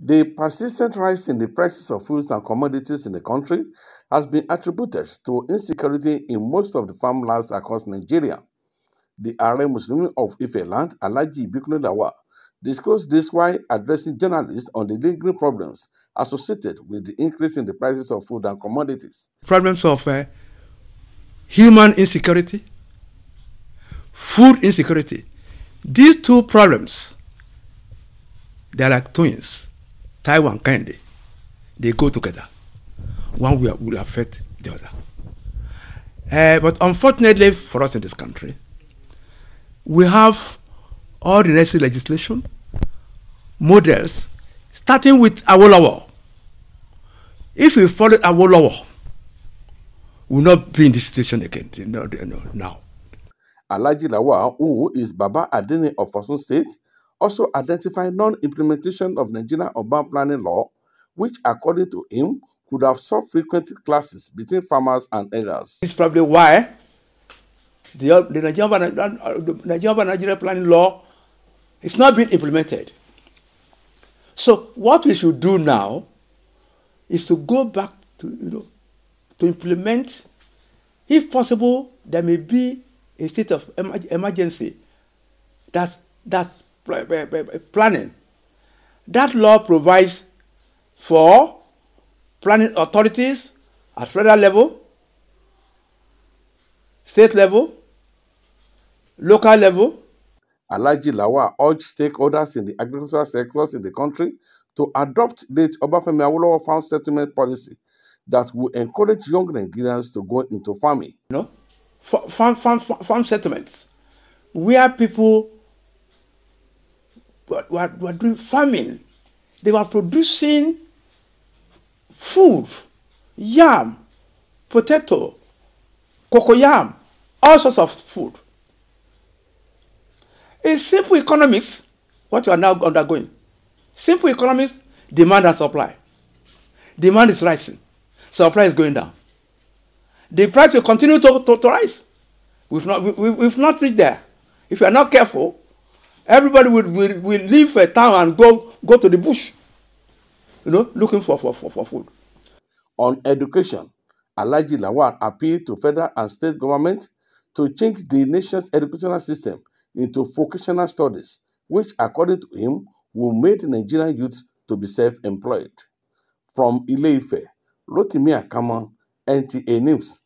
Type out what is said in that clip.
The persistent rise in the prices of foods and commodities in the country has been attributed to insecurity in most of the farmlands across Nigeria. The Are Muslim of Ife land, Alaji Ibikunu Lawa, discussed this while addressing journalists on the lingering problems associated with the increase in the prices of food and commodities. Problems of uh, human insecurity, food insecurity. These two problems, they are like twins Taiwan, Kennedy, they go together. One will, will affect the other. Uh, but unfortunately for us in this country, we have all the necessary legislation, models, starting with Awolowo. If we follow Awolowo, we will not be in this situation again no, no, now. Alhaji Lawa, who is Baba Adini of Osun State, also identified non-implementation of Nigerian urban planning law, which according to him could have solved frequent clashes between farmers and elders. This is probably why the, uh, the Nigerian, uh, the Nigerian, Nigerian planning law is not being implemented. So what we should do now is to go back to, you know, to implement, if possible, there may be a state of emergency that, that Eh, eh, eh, planning. That law provides for planning authorities at federal level, state level, local level. Alhaji Lawal urged stakeholders in the agricultural sectors in the country to adopt the Obafemi Awolowo farm settlement policy that will encourage young Nigerians to go into farming. You know, farm, farm, farm, farm settlements where people were, were doing farming. They were producing food, yam, potato, cocoyam, all sorts of food. In simple economics, what you are now undergoing. Simple economics, demand and supply. Demand is rising, supply is going down. The price will continue to, to, to rise. We've not, we, we've not reached there. If you are not careful, everybody will will will leave a town and go go to the bush you know looking for for for, for food. on education alhaji Lawar appealed to federal and state governments to change the nation's educational system into vocational studies which according to him will make nigerian youths to be self-employed from Ileife, rotimi akama nta news.